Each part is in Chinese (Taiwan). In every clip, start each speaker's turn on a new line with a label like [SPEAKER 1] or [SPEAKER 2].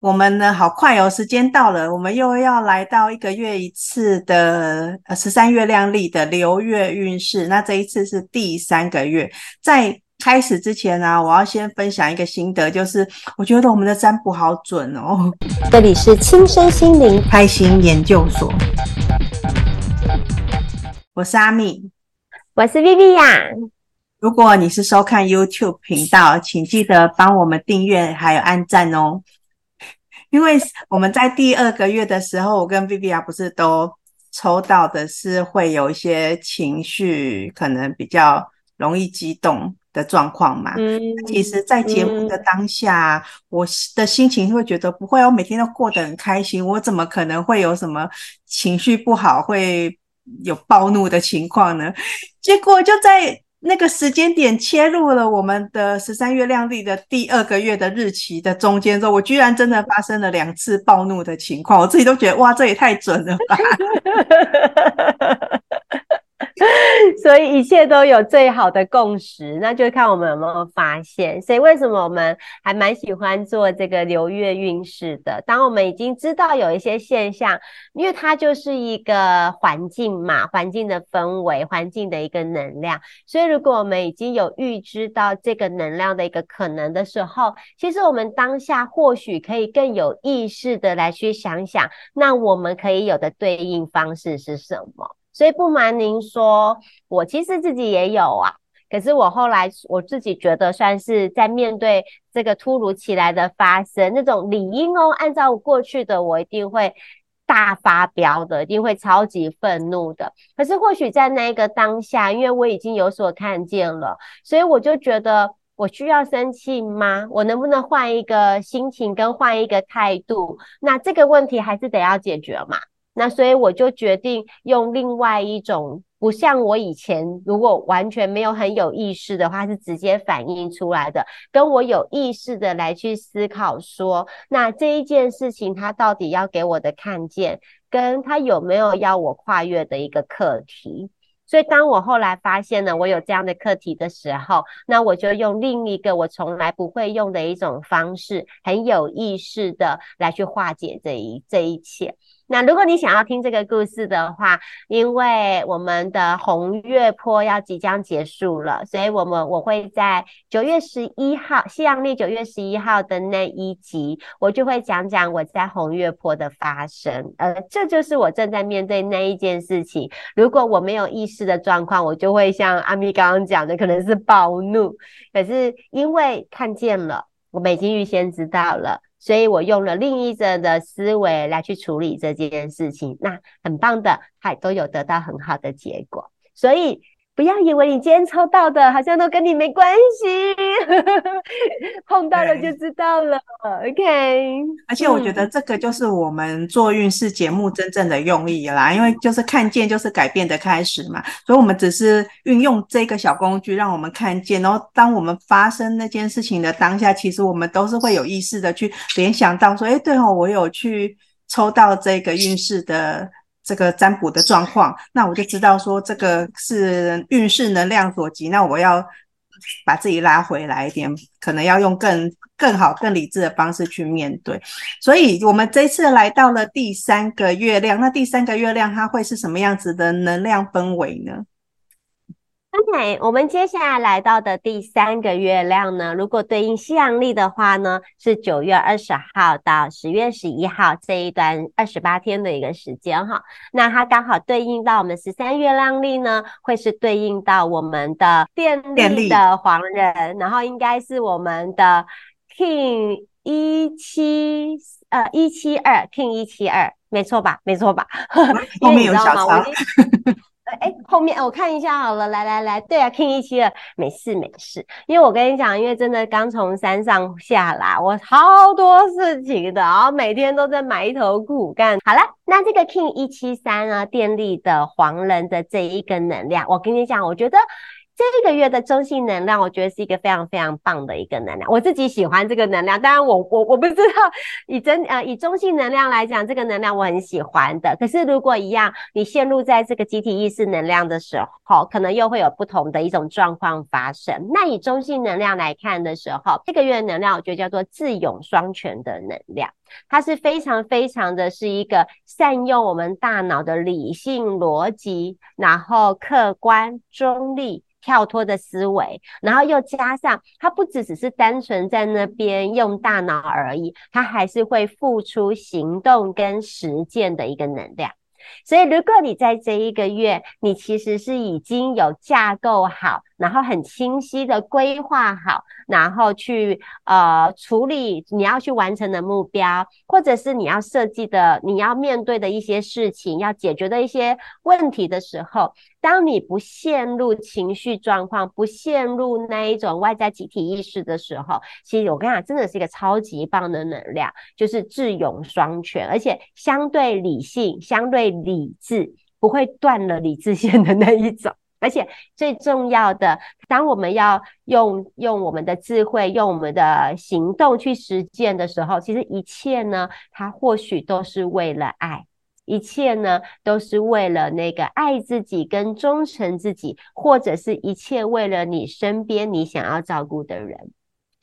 [SPEAKER 1] 我們呢，好快哦，時間到了，我們又要來到一個月一次的呃、十三月亮曆的流月運勢。那這一次是第三個月，在開始之前呢、啊，我要先分享一個心得，就是我覺得我們的占卜好準哦。這裡是親身心靈開心言究所，我是阿米，我是 Viviya、啊。如果你是收看 YouTube 頻道，請記得幫我們訂閱還有按讚哦。因為我們在第二個月的時候，我跟 Viviya 不是都抽到的是會有一些情緒可能比較容易激動的狀況嘛？嗯，其實在節目的當下，嗯、我的心情會覺得不會，我每天都過得很開心，我怎麼可能會有什麼情緒不好，會有暴怒的情況呢？結果就在。那個時間點切入了我們的十三月亮曆的第二個月的日期的中間之後，我居然真的發生了兩次暴怒的情況，我自己都覺得哇，這也太準了吧！
[SPEAKER 2] 一切都有最好的共時，那就看我們有沒有發現。所以，為什麼我們還蠻喜歡做這個流月運勢的？當我們已經知道有一些現象，因為它就是一個環境嘛，環境的氛圍，環境的一個能量。所以，如果我們已經有預知到這個能量的一個可能的時候，其實我們當下或許可以更有意識地來去想想，那我們可以有的對應方式是什麼？所以不瞞您說，我其實自己也有啊。可是我後來我自己覺得，算是在面對這個突如其來的發生，那種理應哦，按照過去的我一定會大發飆的，一定會超級憤怒的。可是或許在那一個當下，因為我已經有所看見了，所以我就覺得我需要生氣嗎？我能不能換一個心情跟換一個態度？那這個問題還是得要解決嘛。那所以我就決定用另外一種，不像我以前如果完全沒有很有意識的話，是直接反映出來的，跟我有意識的來去思考說，那這一件事情它到底要給我的看見，跟它有沒有要我跨越的一個課題。所以當我後來發現呢，我有這樣的課題的時候，那我就用另一個我從來不會用的一種方式，很有意識的來去化解這一這一切。那如果你想要聽這個故事的話，因為我們的紅月波要即將結束了，所以我們我會在九月十一號（西洋曆九月十一號）的那一集，我就會講講我在紅月波的發生。呃，這就是我正在面對那一件事情。如果我沒有意識的狀況，我就會像阿咪剛剛講的，可能是暴怒。可是因為看見了，我們已經預先知道了。所以我用了另一者的思維來去處理這件事情，那很棒的，還都有得到很好的結果，所以。不要以為你今天抽到的，好像都跟你沒關係，碰到了就知道了。對 OK。
[SPEAKER 1] 而且我覺得這個就是我們做運勢節目真正的用意啦，嗯、因為就是看見就是改變的開始嘛，所以我們只是運用這個小工具，讓我們看見。然後當我們發生那件事情的當下，其實我們都是會有意識的去聯想到說，誒，對哦，我有去抽到這個運勢的。這個占卜的狀況，那我就知道說，這個是運勢能量所及，那我要把自己拉回來一點，可能要用更更好、更理智的方式去面對。所以我們這次來到了第三個月亮，那第三個月亮它會是什麼樣子的能量氛圍呢？
[SPEAKER 2] ok 我們接下來來到的第三個月亮呢？如果對應西洋歷的話呢，是九月二十號到十月十一號這一段二十八天的一個時間哈。那它剛好對應到我們十三月亮歷呢，會是對應到我們的電力的黃人，利然後應該是我們的 King 一七呃一七二 King 一七二，2, 2, 沒錯吧？沒錯吧？你 知道嗎？我。 後面我、哦、看一下好了，來來來，對啊，King 一七二，沒事沒事，因為我跟你講，因為真的剛從山上下來我好多事情的啊、哦，每天都在埋頭苦幹。好了，那這個 King 一七三啊，電力的黃人的這一個能量，我跟你講，我覺得。這個月的中性能量，我覺得是一個非常非常棒的一個能量。我自己喜歡這個能量，當然我我我不知道以真，呃，以中性能量來講，這個能量我很喜歡的。可是如果一樣，你陷入在這個集體意識能量的時候，可能又會有不同的一種狀況發生。那以中性能量來看的時候，這個月的能量我覺得叫做智勇雙全的能量，它是非常非常的是一個善用我們大腦的理性邏輯，然後客觀、中立跳脫的思維，然後又加上，他不只只是單純在那邊用大腦而已，他還是會付出行動跟實踐的一個能量。所以，如果你在這一個月，你其實是已經有架構好，然後很清晰的規劃好，然後去呃處理你要去完成的目標，或者是你要設計的、你要面對的一些事情、要解決的一些問題的時候，當你不陷入情緒狀況，不陷入那一種外在集體意識的時候，其實我跟你講，真的是一個超級棒的能量，就是智勇雙全，而且相對理性，相對理。理智不會斷了理智線的那一種，而且最重要的，當我們要用用我們的智慧、用我們的行動去實踐的時候，其實一切呢，它或許都是為了愛，一切呢，都是為了那個愛自己跟忠於自己，或者是一切為了你身邊你想要照顧的人。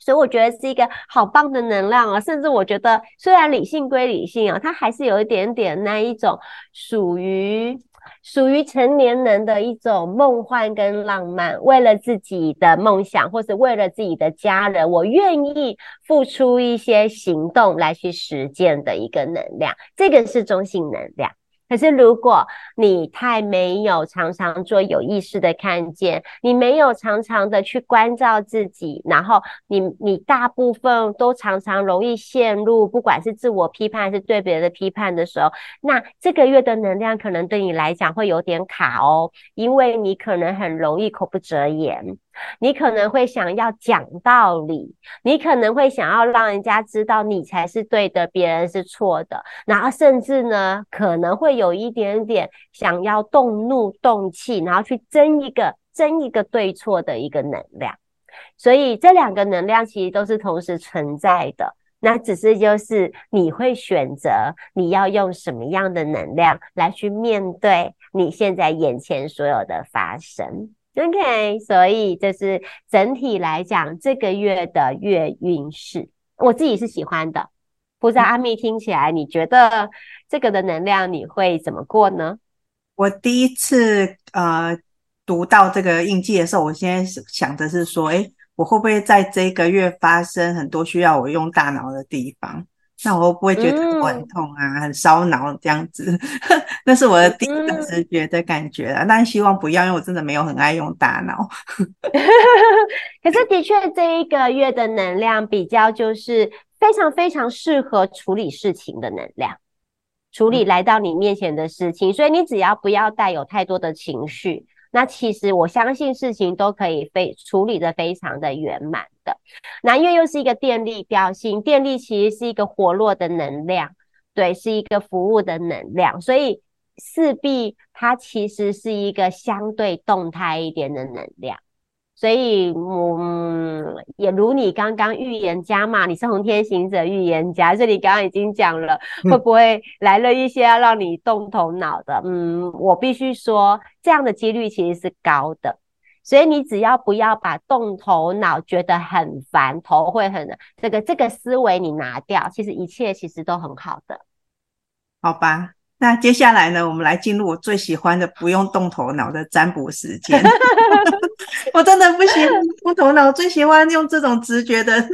[SPEAKER 2] 所以我覺得是一個好棒的能量啊！甚至我覺得，雖然理性歸理性啊，它還是有一點點那一種屬於屬於成年人的一種夢幻跟浪漫。為了自己的夢想，或是為了自己的家人，我願意付出一些行動來去實踐的一個能量。這個是中性能量。可是，如果你太沒有常常做有意識的看見，你沒有常常的去關照自己，然後你你大部分都常常容易陷入，不管是自我批判還是對別人的批判的時候，那這個月的能量可能對你來講會有點卡哦，因為你可能很容易口不擇言。你可能會想要講道理，你可能會想要讓人家知道你才是對的，別人是錯的，然後甚至呢，可能會有一點點想要動怒、動氣，然後去爭一個、爭一個對錯的一個能量。所以這兩個能量其實都是同時存在的，那只是就是你會選擇你要用什麼樣的能量來去面對你現在眼前所有的發生。OK，所以就是整體來講，這個月的月運勢，我自己是喜歡的。不知道阿咪聽起來，你覺得這個的能量你會怎麼過呢？我第一
[SPEAKER 1] 次呃讀到這個印記的時候，我現在是想的是說，誒，我會不會在這個月發生很多需要我用大腦的地方？那我會不會覺得很痛啊，嗯、很燒腦這樣子？ 那是我的第一個直覺的感覺，啊，但、嗯、當然希望不要，因為我真的沒有很愛用大腦。
[SPEAKER 2] 可是的確，這一個月的能量比較就是非常非常適合處理事情的能量，處理來到你面前的事情，嗯、所以你只要不要帶有太多的情緒。那其實我相信事情都可以被處理得非常的圓滿的。那因為又是一個電力表現，電力其實是一個活絡的能量，對，是一個服務的能量，所以勢必它其實是一個相對動態一點的能量。所以，嗯，也如你剛剛預言家嘛，你是紅天行者預言家，所以你剛剛已經講了，會不會來了一些要讓你動頭腦的？嗯，嗯，我必須說，這樣的幾率其實是高的。所以你只要不要把動頭腦覺得很煩，頭會很那個這個這個思維你拿掉，其實一切其實都很好的，
[SPEAKER 1] 好吧？那接下來呢，我們來進入我最喜歡的不用動頭腦的占卜時間。 我真的不行，不動頭腦，我最喜歡用這種直覺的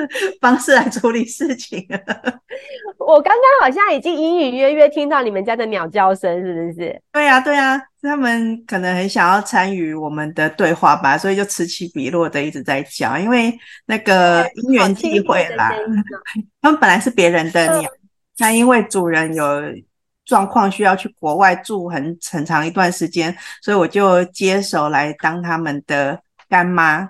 [SPEAKER 1] 方式來處理事情。
[SPEAKER 2] 我剛剛好像已經隱隱約約聽到你們家的鳥叫聲，是不是？對啊，對啊，他
[SPEAKER 1] 們可能很想要參與我們的對話吧，所以就此起彼落的一直在叫，因為那個因緣際會啦。 他們本來是別人的鳥，嗯、但因為主人有狀況，需要去國外住很很長一段時間，所以我就接手來當他們的。乾媽，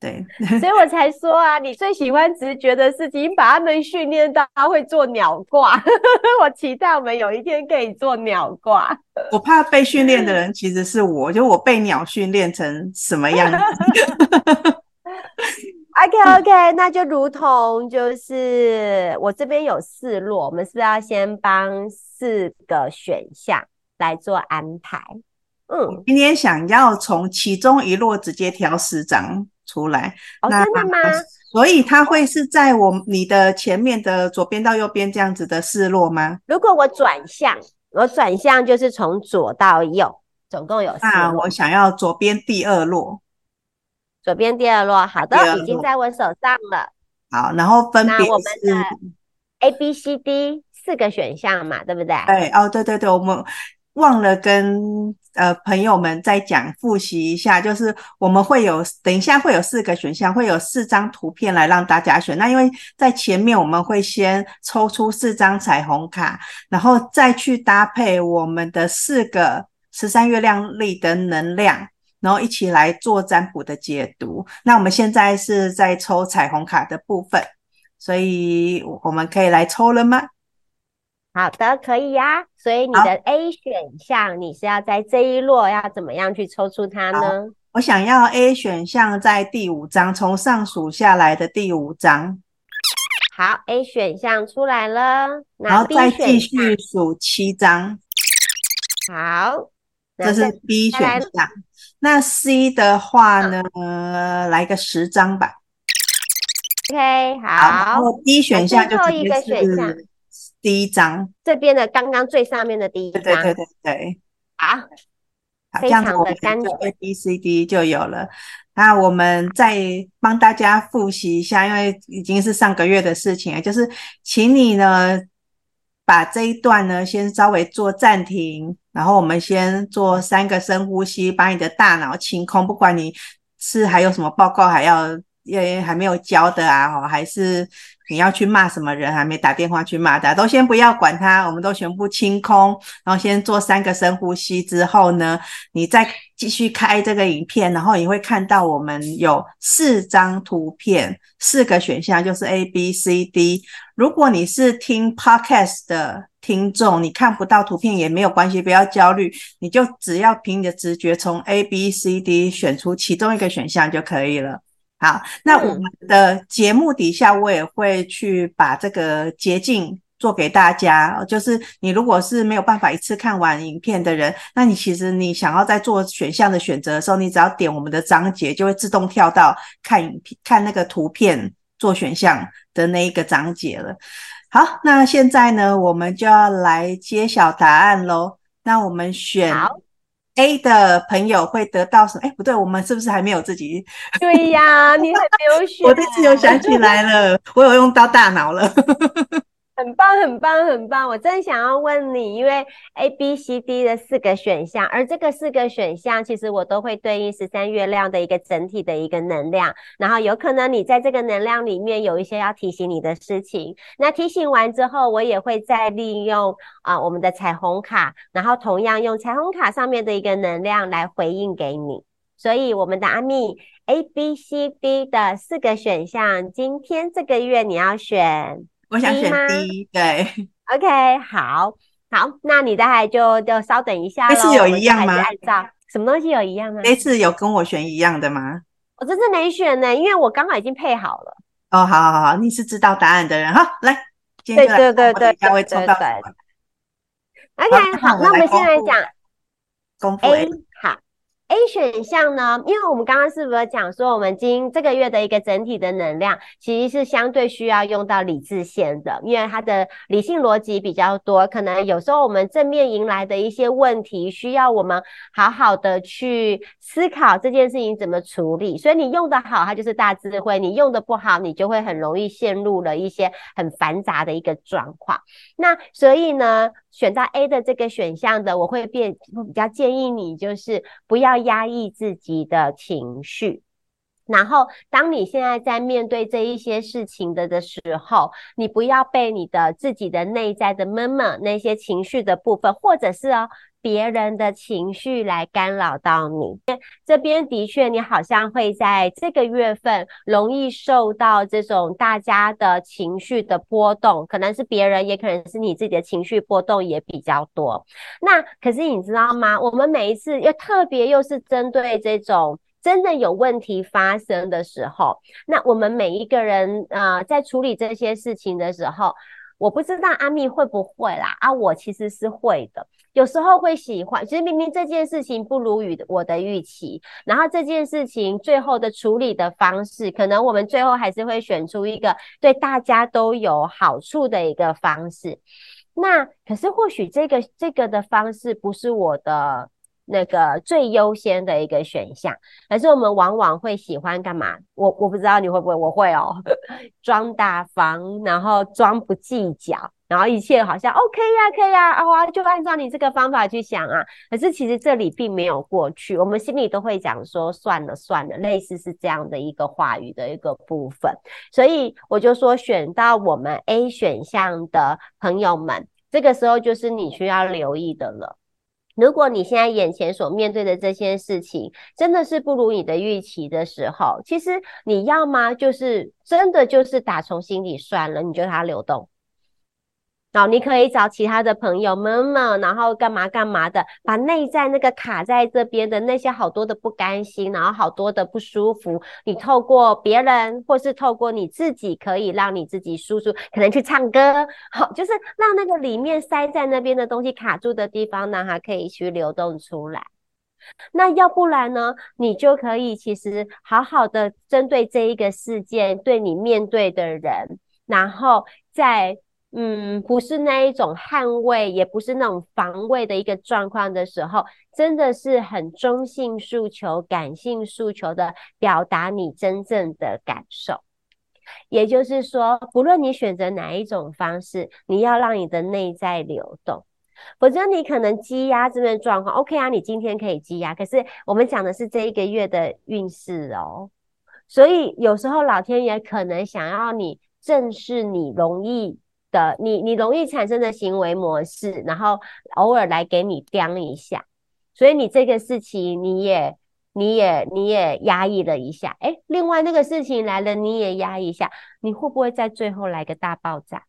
[SPEAKER 2] 對，所以我才說啊，你最喜歡直覺的事情，把他們訓練到他會做鳥卦。 我期待我們有一天可以做鳥卦。
[SPEAKER 1] 我怕被訓練的人，其實是我就我被鳥訓練成什麼樣子
[SPEAKER 2] ？OK OK，那就如同就是我這邊有四落，我們是不是要先幫四個選項來做安排。
[SPEAKER 1] 嗯，今天想要從其中一落直接挑十張出來，
[SPEAKER 2] 嗯、那哦，真的嗎？所
[SPEAKER 1] 以它會是在我你的前面的左邊到右邊這樣子的四落嗎？
[SPEAKER 2] 如果我轉向，我轉向就是從左到右，總共有四那、啊、我
[SPEAKER 1] 想要左邊第二落，
[SPEAKER 2] 左邊第二落，
[SPEAKER 1] 好的，已經在
[SPEAKER 2] 我手上了。
[SPEAKER 1] 好，然後分別是我們的
[SPEAKER 2] A、B、C、D 四個選項嘛，對不對？
[SPEAKER 1] 對哦，對對對，我們忘了跟。呃，朋友們，再講複習一下，就是我們會有等一下會有四個選項，會有四張圖片來讓大家選。那因為在前面我們會先抽出四張彩虹卡，然後再去搭配我們的四個十三月亮曆的能量，然後一起來做占卜的解讀。那我們現在是在抽彩虹卡的部分，所以我們可以來抽了嗎？
[SPEAKER 2] 好的，可以呀、啊。所以你的 A 選項，你是要在這一摞，要怎麼樣去抽出它呢？
[SPEAKER 1] 我想要 A 選項在第五張，從上數下來的第五張。
[SPEAKER 2] 好，A 選項出來了，然後再繼
[SPEAKER 1] 續數七張。
[SPEAKER 2] 好，好那
[SPEAKER 1] 個、這是 B 選項。那 C 的話呢？啊、來個十張吧。OK，
[SPEAKER 2] 好，好。然後、B、選項就可以最後一個選項。第一張這邊的剛剛最上面的第一張，對對對對對啊，非常的乾淨。這樣子
[SPEAKER 1] 我們。A、B、C、D 就有了。那我們再幫大家複習一下，因為已經是上個月的事情了。就是請你呢，把這一段呢先稍微做暫停，然後我們先做三個深呼吸，把你的大腦清空。不管你是還有什麼報告還要因為還沒有交的啊，還是。你要去罵什麼人？還沒打電話去罵的，都先不要管他，我們都全部清空，然後先做三個深呼吸之後呢，你再繼續開這個影片，然後你會看到我們有四張圖片，四個選項就是 A、B、C、D。如果你是聽 podcast 的聽眾，你看不到圖片也沒有關係，不要焦慮，你就只要憑你的直覺從 A、B、C、D 選出其中一個選項就可以了。好，那我們的節目底下，我也會去把這個捷徑做給大家，就是你如果是沒有辦法一次看完影片的人，那你其實你想要在做選項的選擇的時候，你只要點我們的章節，就會自動跳到看影片、看那個圖片做選項的那一個章節了。好，那現在呢，我們就要來揭曉答案嘍。那我們選。A 的朋友會得到什麼？哎，不對，我們是不是還沒有自己？對呀， 你還沒有選啊。我這次又想起來了， 我有用到大腦了。
[SPEAKER 2] 很棒，很棒，很棒！我真想要問你，因為 A B C D 的四個選項，而這個四個選項其實我都會對應十三月亮的一個整體的一個能量，然後有可能你在這個能量裡面有一些要提醒你的事情。那提醒完之後，我也會再利用啊、呃、我們的彩虹卡，然後同樣用彩虹卡上面的一個能量來回應給你。所以我們的阿密 A B C D 的四個選項，今天這個月你要選。我想選 D，、嗯、嗎對，OK，好，好，那你大概就就稍等一下嘍。這次有一樣嗎？什麼東西有一樣嗎、啊？這次
[SPEAKER 1] 有跟我選一樣的嗎？
[SPEAKER 2] 我這次沒選呢，因為我剛好已經配好
[SPEAKER 1] 了。哦，好好好，你是知道答案的人哈，來，來
[SPEAKER 2] 對，對，對，對，對對對對，我到對，對對對對。OK，好，好好，那我們先來講公布 A。公 A 選項呢，因為我們剛剛是不是講說，我們今這個月的一個整體的能量，其實是相對需要用到理智線的，因為它的理性邏輯比較多。可能有時候我們正面迎來的一些問題，需要我們好好的去思考這件事情怎麼處理。所以你用得好，它就是大智慧；你用得不好，你就會很容易陷入了一些很繁雜的一個狀況。那所以呢，選到 A 的這個選項的，我會變，我比較建議你就是不要壓抑自己的情緒。然後，當你現在在面對這一些事情的的時候，你不要被你的自己的內在的悶悶那些情緒的部分，或者是哦。別人的情緒來干擾到你，這邊的確，你好像會在這個月份容易受到這種大家的情緒的波動，可能是別人，也可能是你自己的情緒波動也比較多。那可是你知道嗎？我們每一次又特別又是針對這種真的有問題發生的時候，那我們每一個人啊、呃，在處理這些事情的時候，我不知道阿蜜會不會啦，啊，我其實是會的。有時候會喜歡其實明明這件事情不如我的預期，然後這件事情最後的處理的方式，可能我們最後還是會選出一個對大家都有好處的一個方式。那可是或許這個這個的方式不是我的那個最優先的一個選項，可是我們往往會喜歡幹嘛？我我不知道你會不會，我會哦呵呵，裝大方，然後裝不計較。然後一切好像 OK 呀、啊，可以呀，啊，啊，就按照你這個方法去想啊。可是其實這裡並沒有過去，我們心裡都會講說算了算了，類似是這樣的一個話語的一個部分。所以我就說，選到我們 A 選項的朋友們，這個時候就是你需要留意的了。如果你現在眼前所面對的這些事情真的是不如你的預期的時候，其實你要麼就是真的就是打從心底算了，你就讓它流動。然後你可以找其他的朋友們嘛，然後幹嘛幹嘛的，把內在那個卡在這邊的那些好多的不甘心，然後好多的不舒服，你透過別人或是透過你自己，可以讓你自己舒服，可能去唱歌，好，就是讓那個裡面塞在那邊的東西卡住的地方呢，還可以去流動出來。那要不然呢？你就可以其實好好的針對這一個事件，對你面對的人，然後再。嗯，不是那一種捍衛，也不是那種防衛的一個狀況的時候，真的是很中性訴求、感性訴求的表達你真正的感受。也就是說，不論你選擇哪一種方式，你要讓你的內在流動，否則你可能積壓這邊狀況。OK 啊，你今天可以積壓，可是我們講的是這一個月的運勢哦。所以有時候老天爺可能想要你正視你容易。的你，你容易產生的行為模式，然後偶爾來給你刁一下，所以你這個事情你也你也你也壓抑了一下，哎、欸，另外那個事情來了你也壓抑一下，你會不會在最後來個大爆炸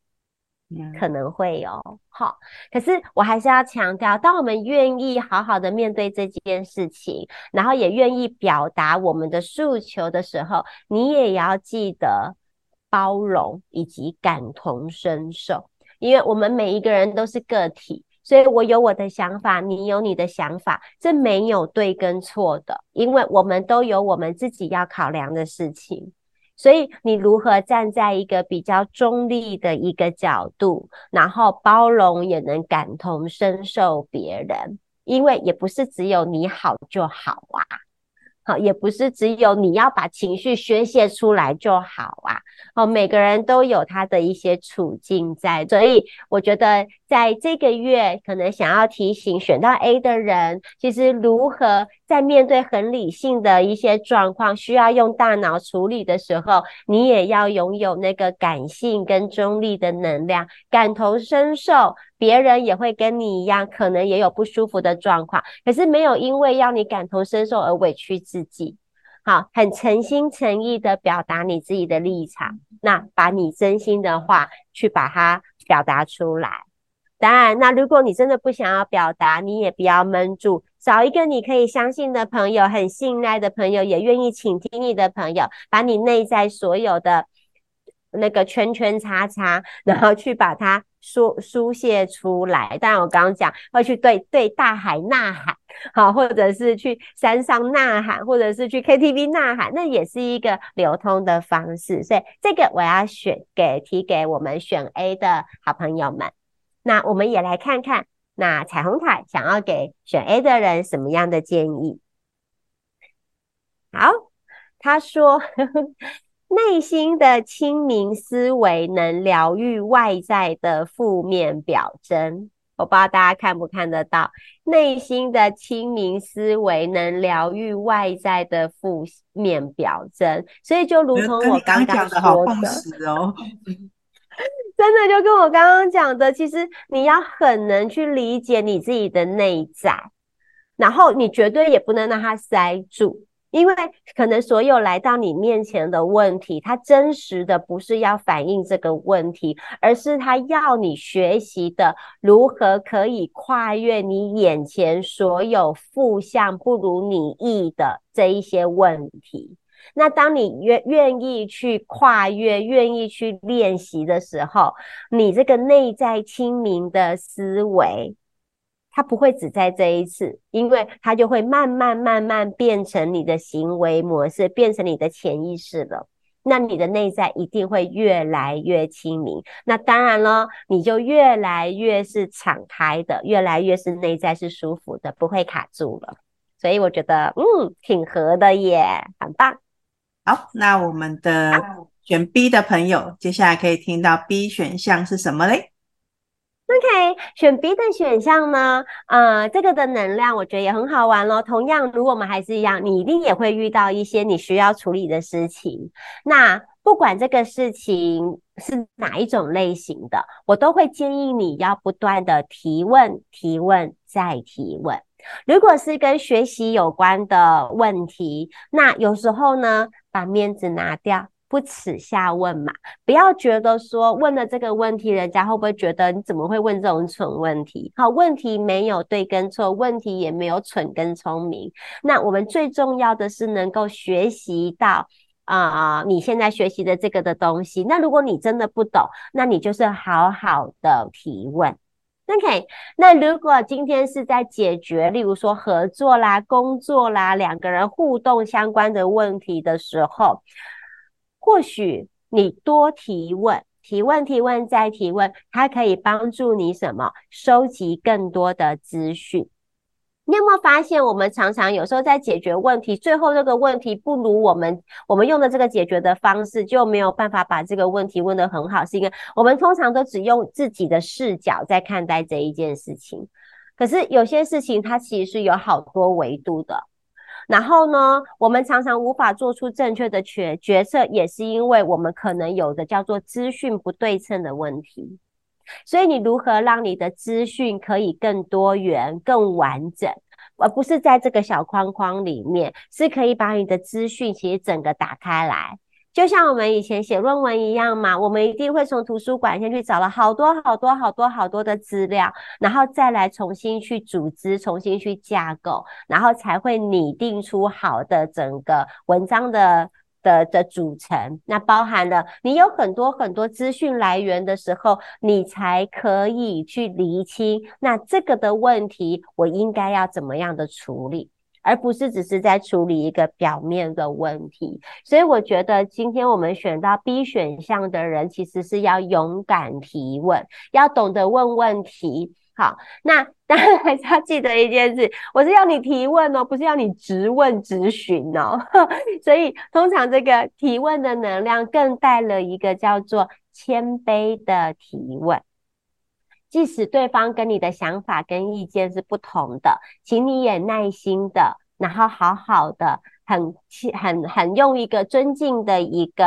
[SPEAKER 2] ？Mm. 可能會有、哦。好，可是我還是要強調，當我們願意好好的面對這件事情，然後也願意表達我們的訴求的時候，你也要記得。包容以及感同身受，因為我們每一個人都是個體，所以我有我的想法，你有你的想法，這沒有對跟錯的，因為我們都有我們自己要考量的事情。所以你如何站在一個比較中立的一個角度，然後包容也能感同身受別人，因為也不是只有你好就好啊。也不是只有你要把情緒宣洩出來就好啊，哦，每個人都有他的一些處境在，所以我覺得在這個月，可能想要提醒選到 A 的人，其實如何在面對很理性的一些狀況，需要用大腦處理的時候，你也要擁有那個感性跟中立的能量，感同身受。別人也會跟你一樣，可能也有不舒服的狀況，可是沒有因為要你感同身受而委屈自己，好、啊，很誠心誠意的表達你自己的立場，那把你真心的話去把它表達出來。當然，那如果你真的不想要表達，你也不要悶住，找一個你可以相信的朋友，很信賴的朋友，也願意傾聽你的朋友，把你內在所有的。那個圈圈叉叉，然後去把它疏疏洩出來。當然，我剛剛講會去對對大海吶喊，好、啊，或者是去山上吶喊，或者是去 KTV 吶喊，那也是一個流通的方式。所以這個我要選給提給我們選 A 的好朋友們。那我們也來看看，那彩虹卡想要給選 A 的人什麼樣的建議？好，他說。呵呵內心的清明思維能療癒外在的負面表徵，我不知道大家看不看得到。內心的清明思維能療癒外在的負面表徵，所以就如同我剛剛，說的剛講的共識哦， 真的就跟我剛剛講的，其實你要很能去理解你自己的內在，然後你絕對也不能讓它塞住。因為可能所有來到你面前的問題，它真實的不是要反映這個問題，而是它要你學習的如何可以跨越你眼前所有負向不如你意的這一些問題。那當你願願意去跨越，願意去練習的時候，你這個內在清明的思維。它不會只在這一次，因為它就會慢慢慢慢變成你的行為模式，變成你的潛意識了。那你的內在一定會越來越清明，那當然咯，你就越來越是敞開的，越來越是內在是舒服的，不會卡住了。所以我覺得，嗯，挺合的耶，很棒。好，那我們
[SPEAKER 1] 的選 B 的朋友，啊、接下來可以聽到 B 選項是什麼嘞？
[SPEAKER 2] OK，選 B 的選項呢？呃，這個的能量我覺得也很好玩咯，同樣，如果我們還是一樣，你一定也會遇到一些你需要處理的事情。那不管這個事情是哪一種類型的，我都會建議你要不斷的提問、提問、再提問。如果是跟學習有關的問題，那有時候呢，把面子拿掉。不恥下問嘛，不要覺得說問了這個問題，人家會不會覺得你怎麼會問這種蠢問題？好，問題沒有對跟錯，問題也沒有蠢跟聰明。那我們最重要的是能夠學習到啊、呃，你現在學習的這個的東西。那如果你真的不懂，那你就是好好的提問。OK，那如果今天是在解決，例如說合作啦、工作啦、兩個人互動相關的問題的時候。或許你多提問，提問，提問，再提問，它可以幫助你什麼？收集更多的資訊。你有沒有發現，我們常常有時候在解決問題，最後這個問題不如我們我們用的這個解決的方式就沒有辦法把這個問題問得很好，是因為我們通常都只用自己的視角在看待這一件事情。可是有些事情它其實是有好多維度的。然後呢，我們常常無法做出正確的決決策，也是因為我們可能有的叫做資訊不對稱的問題。所以，你如何讓你的資訊可以更多元、更完整，而不是在這個小框框裡面，是可以把你的資訊其實整個打開來。就像我們以前寫論文一樣嘛，我們一定會從圖書館先去找了好多好多好多好多的資料，然後再來重新去組織、重新去架構，然後才會擬定出好的整個文章的的的組成。那包含了你有很多很多資訊來源的時候，你才可以去釐清那這個的問題，我應該要怎麼樣的處理？而不是只是在處理一個表面的問題，所以我覺得今天我們選到 B 選項的人，其實是要勇敢提問，要懂得問問題。好，那當然還是要記得一件事，我是要你提問哦，不是要你質問質詢哦。 所以通常這個提問的能量，更帶了一個叫做謙卑的提問。即使對方跟你的想法跟意見是不同的，請你也耐心的，然後好好的，很、很、很用一個尊敬的一個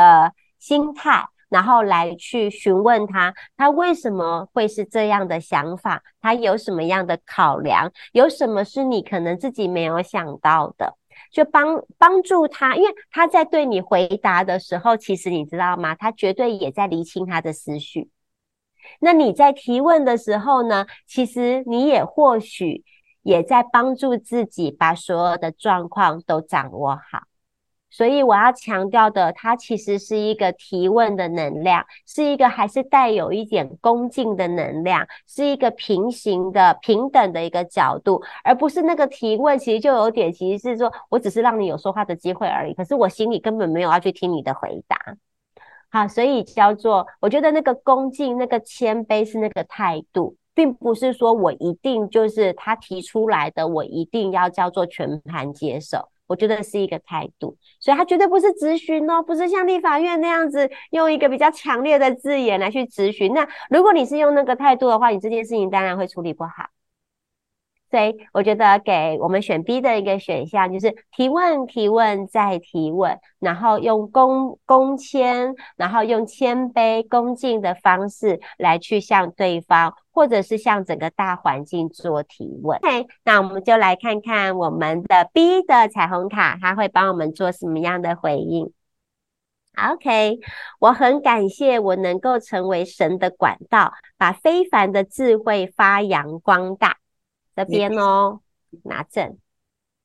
[SPEAKER 2] 心態，然後來去詢問他，他為什麼會是這樣的想法，他有什麼樣的考量，有什麼是你可能自己沒有想到的，就幫幫助他，因為他在對你回答的時候，其實你知道嗎？他絕對也在理清他的思緒。那你在提問的時候呢，其實你也或許也在幫助自己把所有的狀況都掌握好。所以我要強調的，它其實是一個提問的能量，是一個還是帶有一點恭敬的能量，是一個平行的、平等的一個角度，而不是那個提問，其實就有點，其實是說，我只是讓你有說話的機會而已，可是我心裡根本沒有要去聽你的回答。好，所以叫做，我覺得那個恭敬、那個謙卑是那個態度，並不是說我一定就是他提出來的，我一定要叫做全盤接受。我覺得是一個態度，所以他絕對不是質詢哦，不是像立法院那樣子用一個比較強烈的字眼來去質詢。那如果你是用那個態度的話，你這件事情當然會處理不好。所以我覺得給我們選 B 的一個選項就是提問、提問再提問，然後用恭恭謙，然後用謙卑、恭敬的方式來去向對方，或者是向整個大環境做提問。嘿，OK，那我們就來看看我們的 B 的彩虹卡，它會幫我們做什麼樣的回應？OK，我很感謝我能夠成為神的管道，把非凡的智慧發揚光大。這邊哦，你拿證。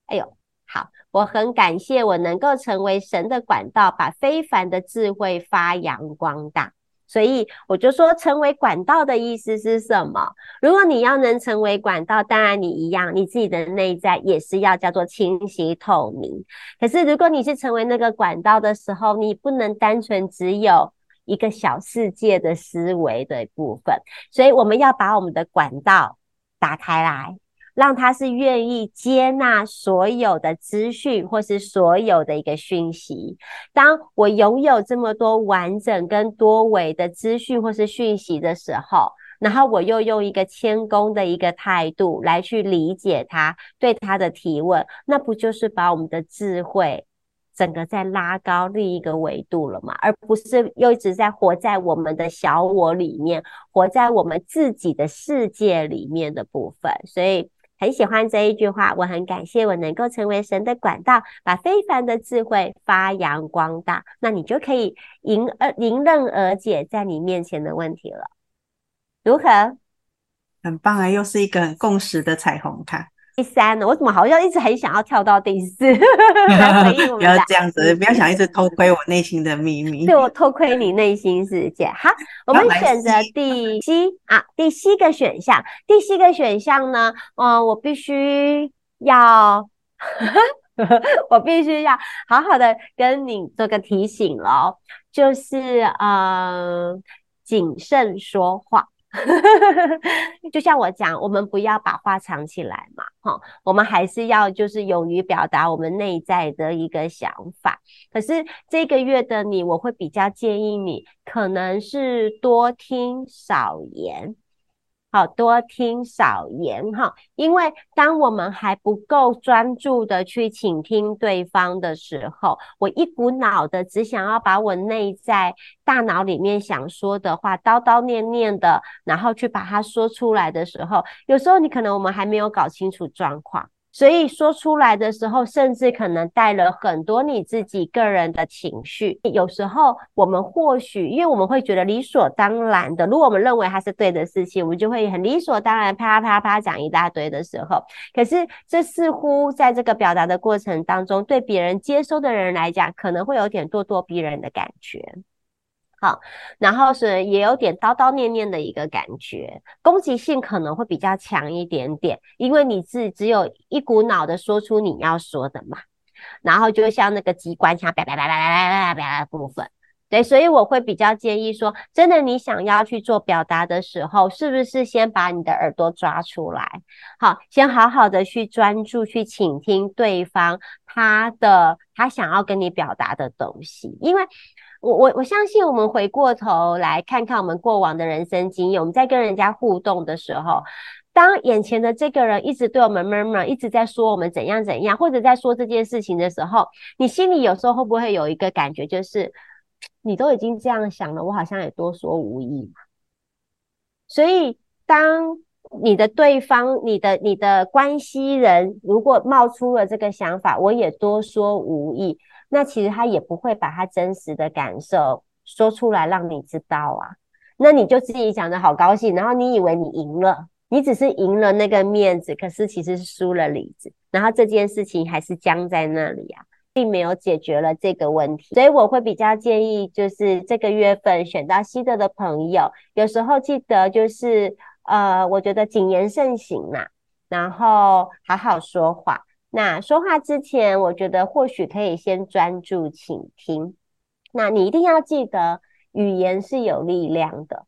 [SPEAKER 2] 哎喲，好，我很感謝我能夠成為神的管道，把非凡的智慧發揚光大。所以我就說，成為管道的意思是什麼？如果你要能成為管道，當然你一樣，你自己的內在也是要叫做清晰透明。可是如果你是成為那個管道的時候，你不能單純只有一個小世界的思維的部分。所以我們要把我們的管道。打開來，讓他是願意接納所有的資訊，或是所有的一個訊息。當我擁有這麼多完整跟多維的資訊或是訊息的時候，然後我又用一個謙恭的一個態度來去理解他，對他的提問，那不就是把我們的智慧？整個在拉高另一個維度了嘛，而不是又一直在活在我們的小我裡面，活在我們自己的世界裡面的部分。所以很喜歡這一句話，我很感謝我能夠成為神的管道，把非凡的智慧發揚光大，那你就可以迎而迎刃而解在你面前的問題了。如何？
[SPEAKER 1] 很棒啊，又是一個很共識的彩虹卡。
[SPEAKER 2] 第三呢，我怎麼好像一直很想要跳到第四？ 不要這樣
[SPEAKER 1] 子，不要想一直偷窺我內心的秘密。對，
[SPEAKER 2] 我偷窺你內心世界。好，我們選擇第七啊，第七個選項。第七個選項呢，嗯、呃，我必須要， 我必須要好好的跟你做個提醒咯。就是呃、謹慎說話。 就像我講，我們不要把話藏起來嘛，哦，我們還是要就是勇於表達我們內在的一個想法。可是這個月的你，我會比較建議你，可能是多聽少言。好，多聽少言哈，因為當我們還不夠專注的去傾聽對方的時候，我一股腦的只想要把我內在大腦裡面想說的話，叨叨念念的，然後去把它說出來的時候，有時候你可能我們還沒有搞清楚狀況。所以說出來的時候，甚至可能帶了很多你自己個人的情緒。有時候我們或許因為我們會覺得理所當然的，如果我們認為它是對的事情，我們就會很理所當然啪啪啪講一大堆的時候。可是這似乎在這個表達的過程當中，對別人接收的人來講，可能會有點咄咄逼人的感覺。好，然後是也有點叨叨念念的一個感覺，攻擊性可能會比較強一點點，因為你自己只有一股腦的說出你要說的嘛，然後就像那個機關槍叭叭叭叭叭叭叭叭的部分，對，所以我會比較建議說，真的你想要去做表達的時候，是不是先把你的耳朵抓出來，好，先好好的去專注去傾聽對方他的他想要跟你表達的東西，因為。我我我相信，我們回過頭來看看我們過往的人生經驗。我們在跟人家互動的時候，當眼前的這個人一直對我們 murmur，一直在說我們怎樣怎樣，或者在說這件事情的時候，你心裡有時候會不會有一個感覺，就是你都已經這樣想了，我好像也多說無益嘛。所以，當你的對方、你的你的關係人如果冒出了這個想法，我也多說無益。那其實他也不會把他真實的感受說出來，讓你知道啊，那你就自己想的好高興，然後你以為你贏了，你只是贏了那個面子，可是其實是輸了裡子，然後這件事情還是僵在那裡啊，並沒有解決了這個問題。所以我會比較建議，就是這個月份選到 CD 的朋友，有時候記得就是呃，我覺得謹言慎行嘛，啊，然後好好說話。那說話之前，我覺得或許可以先專注傾聽。那你一定要記得，語言是有力量的，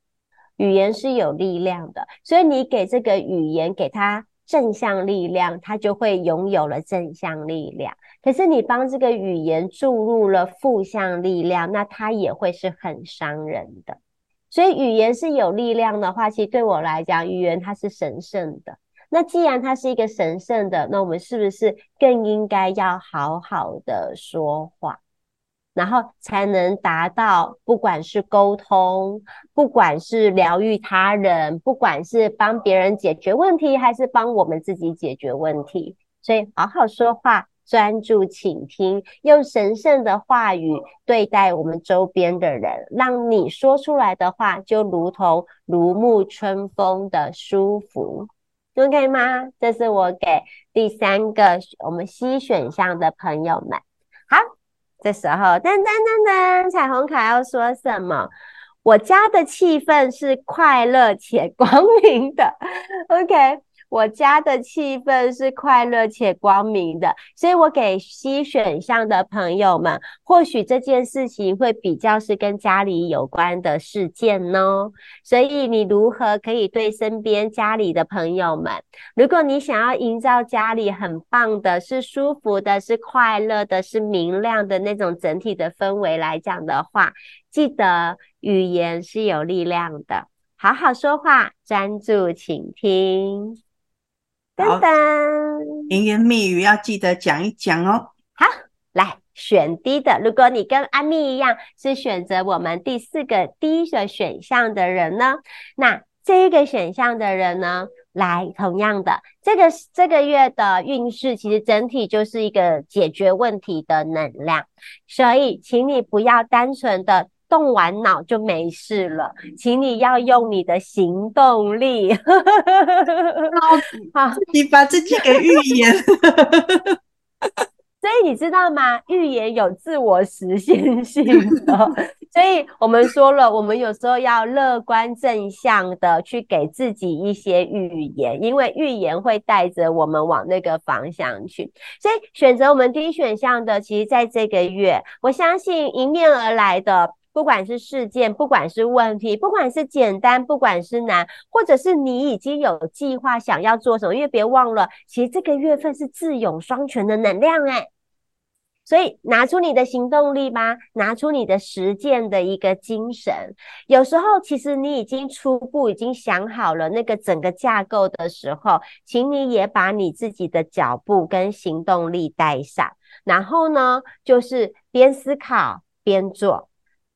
[SPEAKER 2] 語言是有力量的。所以你給這個語言給它正向力量，它就會擁有了正向力量。可是你幫這個語言注入了負向力量，那它也會是很傷人的。所以語言是有力量的話，其實對我來講，語言它是神聖的。那既然它是一個神聖的，那我們是不是更應該要好好的說話，然後才能達到不管是溝通，不管是療癒他人，不管是幫別人解決問題，還是幫我們自己解決問題。所以好好說話，專注傾聽，用神聖的話語對待我們周邊的人，讓你說出來的話就如同如沐春風的舒服。OK 嗎？這是我給第三個我們 C 選項的朋友們。好，這時候噔噔噔噔，彩虹卡要說什麼？我家的氣氛是快樂且光明的。OK。我家的氣氛是快樂且光明的，所以我給 C 選項的朋友們，或許這件事情會比較是跟家裡有關的事件呢，哦。所以你如何可以對身邊家裡的朋友們，如果你想要營造家裡很棒的，是舒服的，是快樂的，是明亮的那種整體的氛圍來講的話，記得語言是有力量的，好好說話，專注傾聽。等等，甜言蜜語要記得講一講哦。好，來選 D 的，如果你跟阿蜜一樣是選擇我們第四個第一個選項的人呢，那這一個選項的人呢，來，同樣的，這個這個月的運勢其實整體就是一個解決問題的能量，所以請你不要單純的。動完腦就沒事了，請你要用你的行動力。 好，你把自己給預言。 所以你知道嗎？預言有自我實現性的。所以我們說了，我們有時候要樂觀正向的去給自己一些預言，因為預言會帶着我們往那個方向去。所以選擇我們第一選項的，其實在這個月，我相信迎面而來的。不管是事件，不管是問題，不管是簡單，不管是難，或者是你已經有計劃想要做什麼，因為別忘了，其實這個月份是智勇雙全的能量哎、欸，所以拿出你的行動力吧，拿出你的實踐的一個精神。有時候其實你已經初步已經想好了那個整個架構的時候，請你也把你自己的腳步跟行動力帶上，然後呢，就是邊思考邊做。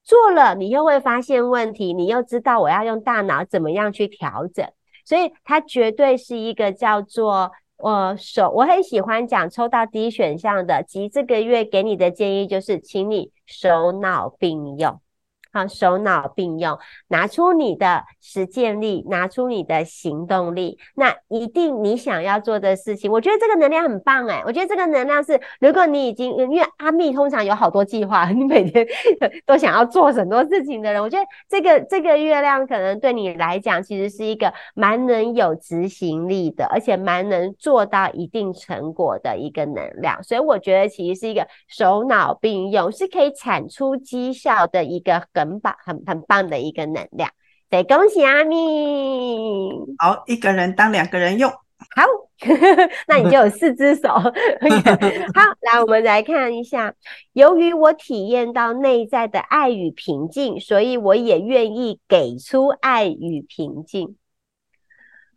[SPEAKER 2] 做了，你又會發現問題，你又知道我要用大腦怎麼樣去調整，所以它絕對是一個叫做呃手，我很喜歡講抽到 D 選項的，即這個月給你的建議就是，請你手腦並用。啊，手腦並用，拿出你的實踐力，拿出你的行動力，那一定你想要做的事情。我覺得這個能量很棒哎、欸，我覺得這個能量是，如果你已經因為阿蜜通常有好多計劃，你每天都想要做很多事情的人，我覺得這個這個月亮可能對你來講，其實是一個蠻能有執行力的，而且蠻能做到一定成果的一個能量。所以我覺得其實是一個手腦並用，是可以產出績效的一個很棒，很很棒的一個能量，對，恭喜阿咪。好，一個人當兩個人用。好，呵呵，那你就有四隻手。 好，來，我們來看一下。 由於我體驗到內在的愛與平靜，所以我也願意給出愛與平靜。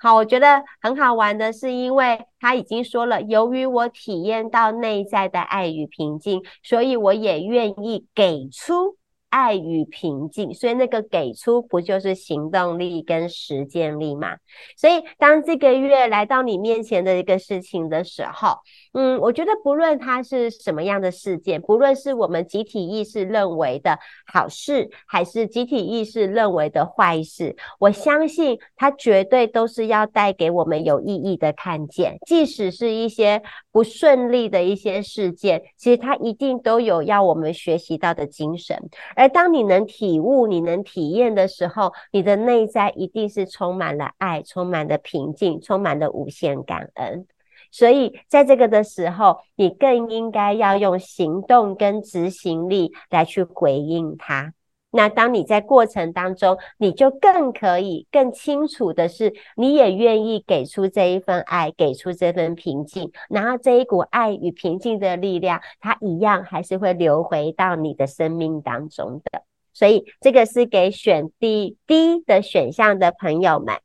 [SPEAKER 2] 好，我覺得很好玩的是，因為他已經說了，由於我體驗到內在的愛與平靜，所以我也願意給出。愛與平靜，所以那個給出不就是行動力跟實踐力嗎？所以當這個月來到你面前的一個事情的時候，嗯，我覺得不論它是什麼樣的事件，不論是我們集體意識認為的好事，還是集體意識認為的壞事，我相信它絕對都是要帶給我們有意義的看見。即使是一些不順利的一些事件，其實它一定都有要我們學習到的精神。而當你能體悟、你能體驗的時候，你的內在一定是充滿了愛，充滿了平靜，充滿了無限感恩。所以，在這個的時候，你更應該要用行動跟執行力來去回應它。那當你在過程當中，你就更可以更清楚的是，你也願意給出這一份愛，給出這份平靜，然後這一股愛與平靜的力量，它一樣還是會流回到你的生命當中的。所以這個是給選 D，D 的選項的朋友們，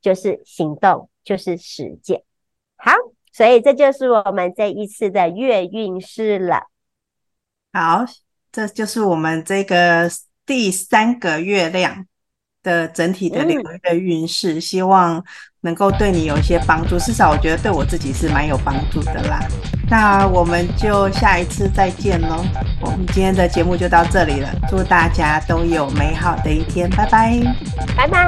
[SPEAKER 2] 就是行動，就是實踐。好，所以這就是我們這一次的月運勢了。
[SPEAKER 1] 好，這就是我們這個。第三個月亮的整體的流月的運勢，嗯、希望能夠對你有一些幫助。至少我覺得對我自己是蠻有幫助的啦。那我們就下一次再見嘍。我們今天的節目就到這裡了，祝大家都有美好的一天，拜拜，
[SPEAKER 2] 拜拜。